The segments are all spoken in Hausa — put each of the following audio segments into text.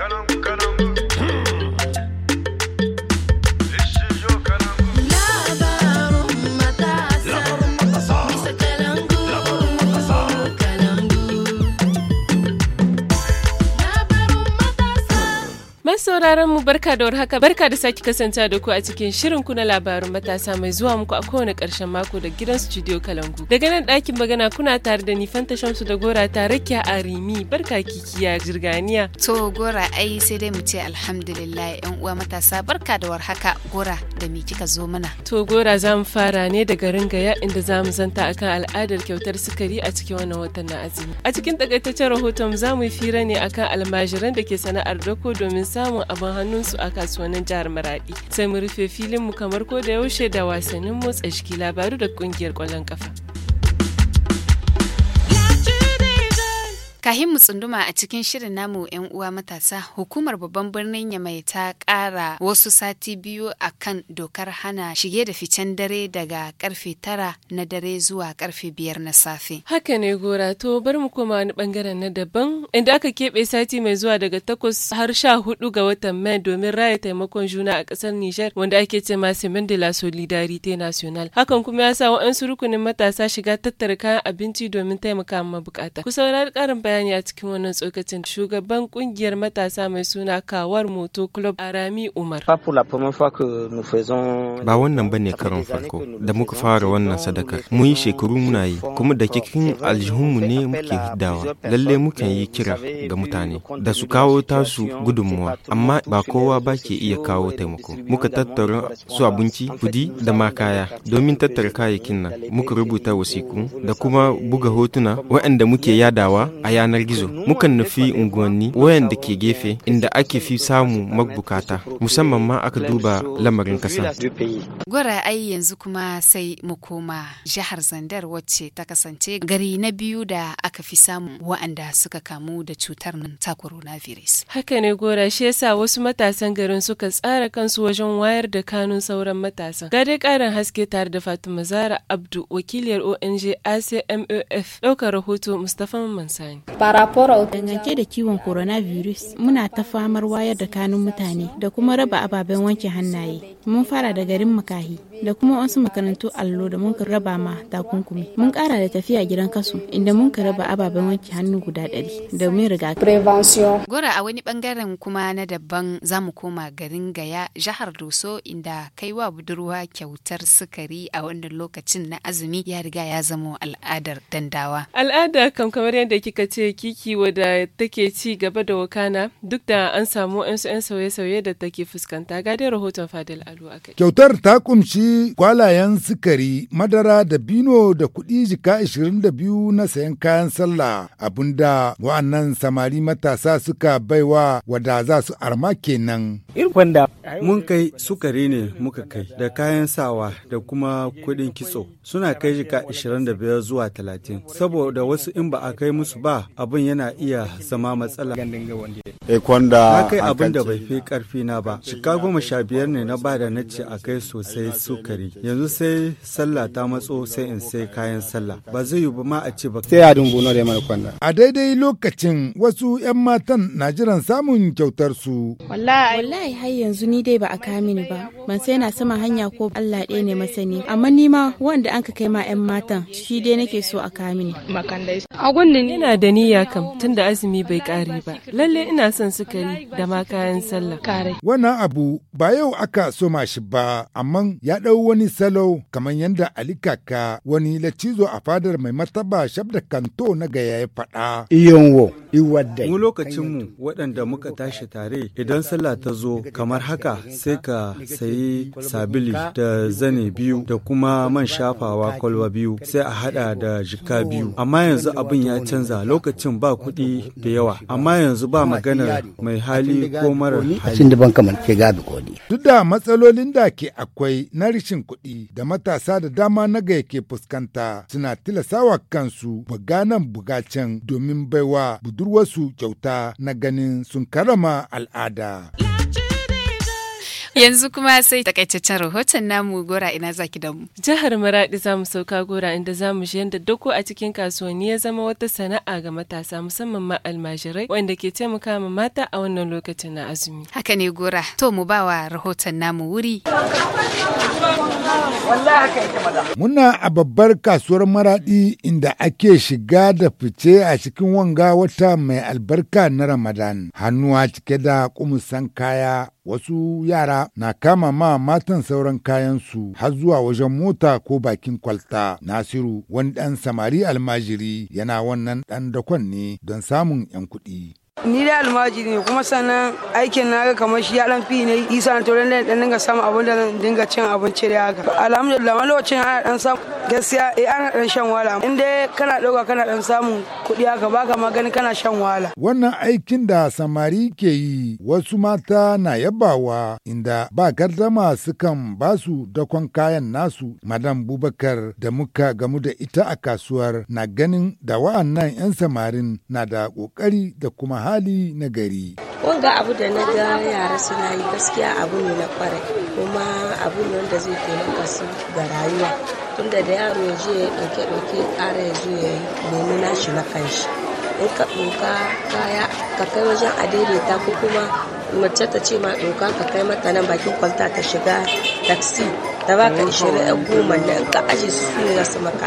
on. sauraron mu barka da warhaka barka da sake kasance da ku a cikin shirin ku na labarin matasa mai zuwa muku a kowane karshen mako da gidan studio Kalangu. Daga nan ɗakin magana kuna tare da ni Fanta Shamsu da Gora ta ki a Rimi barka kikiya jirganiya. To Gora ai sai dai mu ce alhamdulillah yan uwa matasa barka da warhaka Gora da me kika zo mana. To Gora za mu fara ne da garin Gaya inda za mu zanta akan al'adar kyautar sukari a cikin wannan watan na azumi. A cikin takaitaccen rahoton za mu yi fira ne akan almajiran da ke sana'ar dako domin samun abin hannunsu a kasuwannin jihar Maradi. Sai mu rufe filin mu kamar ko da yaushe da wasannin motsa jiki labaru da kungiyar kwallon kafa. Kahin mu tsunduma a cikin shirin namu 'yan uwa matasa, hukumar babban birnin Yamai ta ƙara wasu sati biyu a kan dokar hana shige da ficen dare daga karfe tara na dare zuwa karfe biyar na safe. Haka ne gora to bar mu koma wani bangaren na daban inda aka keɓe sati mai zuwa daga takwas har sha hudu ga watan Mai domin raya taimakon juna a ƙasar Nijar wanda ake ce ma Semen de la solidarite national. Hakan kuma ya sa wa'ansu rukunin matasa shiga tattara kayan abinci domin taimaka ma bukata. Ku saurari karin bayan bayani a cikin wannan tsokacin shugaban kungiyar matasa mai suna kawar moto club arami umar ba wannan bane karon farko da muka fara wannan sadaka. mun yi shekaru muna yi kuma da cikin aljihunmu ne muke hiddawa lalle mukan yi kira ga mutane da su kawo tasu gudunmuwa amma ba kowa ba ke iya kawo taimako muka tattara su abinci kudi da ma kaya domin tattara kayayyakin nan muka rubuta wasiku da kuma buga hotuna waɗanda muke yadawa a yanar gizo mukan nufi unguwanni wayanda ke gefe inda ake fi samu magbukata musamman ma aka duba lamarin kasa gwara ai yanzu kuma sai mu koma jihar zandar wacce ta kasance gari na biyu da aka fi samu wa'anda suka kamu da cutar nan ta virus. haka ne gora shi yasa wasu matasan garin suka tsara kansu wajen wayar da kanun sauran matasan ga dai karin haske tare da fatima zara abdu wakiliyar ong acmof ɗaukar rahoto mustapha mansani Dangance da ciwon coronavirus, muna ta famar wayar da kanun mutane da kuma raba ababen wanke hannaye. Mun fara da garin makahi, da kuma wasu makarantu allo da mun raba ma takunkumi mun kara da tafiya gidan kasu inda mun raba ababen wanke hannu guda ɗari domin rigakafi gora a wani bangaren kuma na daban zamu koma garin gaya jihar doso inda kai wa budurwa kyautar sukari a wannan lokacin na azumi ya riga ya zama al'adar dandawa al'ada kam kamar yadda kika ce kiki wadda take ci gaba da wakana duk da an samu 'yan sauye-sauye da take fuskanta ga rahoton fadil alu akai kyautar ta kumshi kwalayen sukari, madara da bino da kuɗi jika 22 na sayan kayan sallah abinda wa'annan samari matasa suka baiwa wada za su arma kenan. Mun kai sukari ne muka kai da kayan sawa da kuma kuɗin kitso suna kai jika 25 zuwa 30 saboda wasu in ba a kai musu ba abin yana iya zama matsala. Eh, na kai abin da bai fi karfi na ba, shika goma sha biyar ne na ba da na ce a kai sosai su sukari yanzu sai sallah ta matso sai in sai kayan sallah ba zai ba ma a ce ba sai a na da mai kwanda a daidai lokacin wasu yan matan na jiran samun kyautar su wallahi har yanzu ni dai ba a kamini ba ban sai na sama hanya ko Allah ɗaya ne masani amma ni ma wanda an ka kai ma yan matan shi dai nake so a kamini mini a ina da niyya kam tunda azumi bai kare ba lalle ina son sukari da ma kayan sallah wannan abu ba yau aka soma shi ba amma ya ɗau wani salo kamar yadda Ali Kaka wani lacizo a fadar mai martaba shabda kanto na gaya ya faɗa. Iyonwo, iwadda. Mu lokacin mu waɗanda muka tashi tare idan sallah ta zo kamar haka sai ka sayi sabili da zane biyu da kuma man shafawa kwalwa biyu sai a haɗa da jika biyu. Amma yanzu abin ya canza lokacin ba kuɗi da yawa amma yanzu ba maganar mai hali ko mara hali. Duk da matsalolin da ke akwai na rashin kuɗi da matasa da dama na gaya ke fuskanta suna tilasawa kansu buga nan buga can domin baiwa budurwarsu kyauta na ganin sun karama al'ada. Yanzu kuma sai takaitaccen rahoton namu gora ina zaki da mu. Jihar Maradi mu sauka gora inda za mu shi yadda dako a cikin kasuwanni ya zama wata sana'a ga matasa musamman ma almajirai wanda ke taimaka ma mata a wannan lokacin na azumi. Haka ne gora to mu bawa rahoton namu wuri. Muna a babbar kasuwar maraɗi inda ake shiga da fice a cikin wanga wata mai albarka na Ramadan. Hannuwa cike da kumusan kaya wasu yara na kama ma matan sauran kayansu har zuwa wajen mota ko bakin kwalta. Nasiru wani ɗan samari almajiri yana wannan ɗan dakon ne don samun 'yan kuɗi. Ni da almajiri ne kuma sannan aikin na kamar shi ya dan fi ne isa to da dan dinga samu abin da zan dinga cin abinci da haka. Alhamdulillah wani lokacin ana dan samu gaskiya eh ana dan shan wala In dai kana dauka kana dan samu kuɗi haka baka magani kana shan wala Wannan aikin da samari ke yi wasu mata na yabawa inda ba gardama sukan basu dakon kayan nasu madam Bubakar da muka gamu da ita a kasuwar na ganin da wa'annan 'yan samarin na da ƙoƙari da kuma hali na gari. wanga abu da na ga yara suna yi gaskiya abu ne na kwarai kuma abu ne wanda zai taimaka su ga rayuwa tunda da yaro ya je ya ɗauke ɗauke ƙara ya zo ya nemi nashi na kanshi in ka ɗauka kaya ka kai wajen a daidaita ko kuma mace ta ce ma ɗauka ka kai mata nan bakin kwalta ta shiga taksi da ishirin goma in ka aje su ne za su maka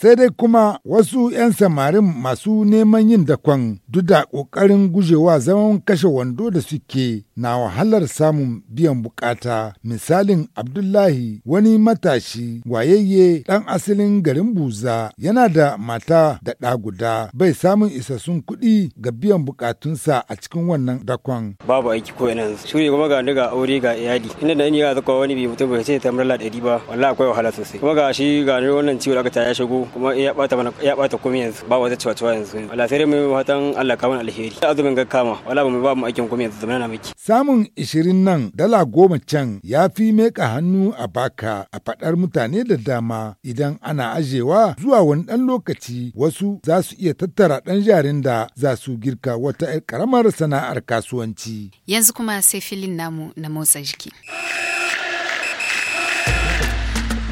Sai dai kuma wasu 'yan samarin masu neman yin dakon duk da ƙoƙarin gujewa zaman kashe wando da suke na wahalar samun biyan bukata misalin Abdullahi wani matashi wayayye ɗan asalin garin Buza yana da mata da ɗa guda bai samun isassun kuɗi ga biyan bukatunsa a cikin wannan dakon. Babu aiki ko yanzu. Shi kuma ga aure ga iyali. Ina da ni ga wani bi mutum bai sai ta dala ɗari ba wallahi akwai wahala sosai kuma ga shi ga wannan ciwo da aka ya shigo kuma ya bata mana ya bata komai yanzu ba wata ciwa yanzu wallahi sai dai mu fatan Allah ka alheri azumin ga kama wallahi mu ba mu aikin komai yanzu zamana miki samun 20 nan dala goma can ya fi meka hannu a baka a fadar mutane da dama idan ana ajewa zuwa wani dan lokaci wasu za su iya tattara dan jarin da za su girka wata karamar sana'ar kasuwanci yanzu kuma sai filin namu na motsa jiki.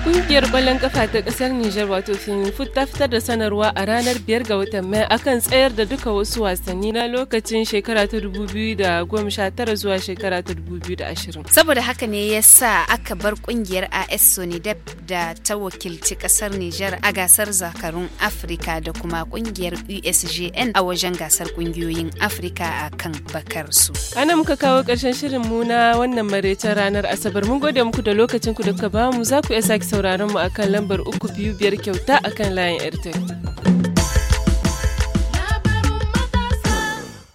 ƙungiyar ƙwallon kafa ta ƙasar Nijar wato Finfut ta fitar da sanarwa a ranar biyar ga watan Mai akan tsayar da duka wasu wasanni na lokacin shekara ta 2019 zuwa shekara ta 2020. Saboda haka ne ya sa aka bar kungiyar AS Sonidep da ta wakilci ƙasar Nijar a gasar zakarun Afirka da kuma ƙungiyar USGN a wajen gasar kungiyoyin Afirka a kan bakar su. Ana muka kawo ƙarshen shirin mu na wannan maraicen ranar Asabar. Mun gode muku da lokacin ku da ka bamu za ku iya sake sauraron mu akan lambar uku biyu biyar kyauta akan layin airtel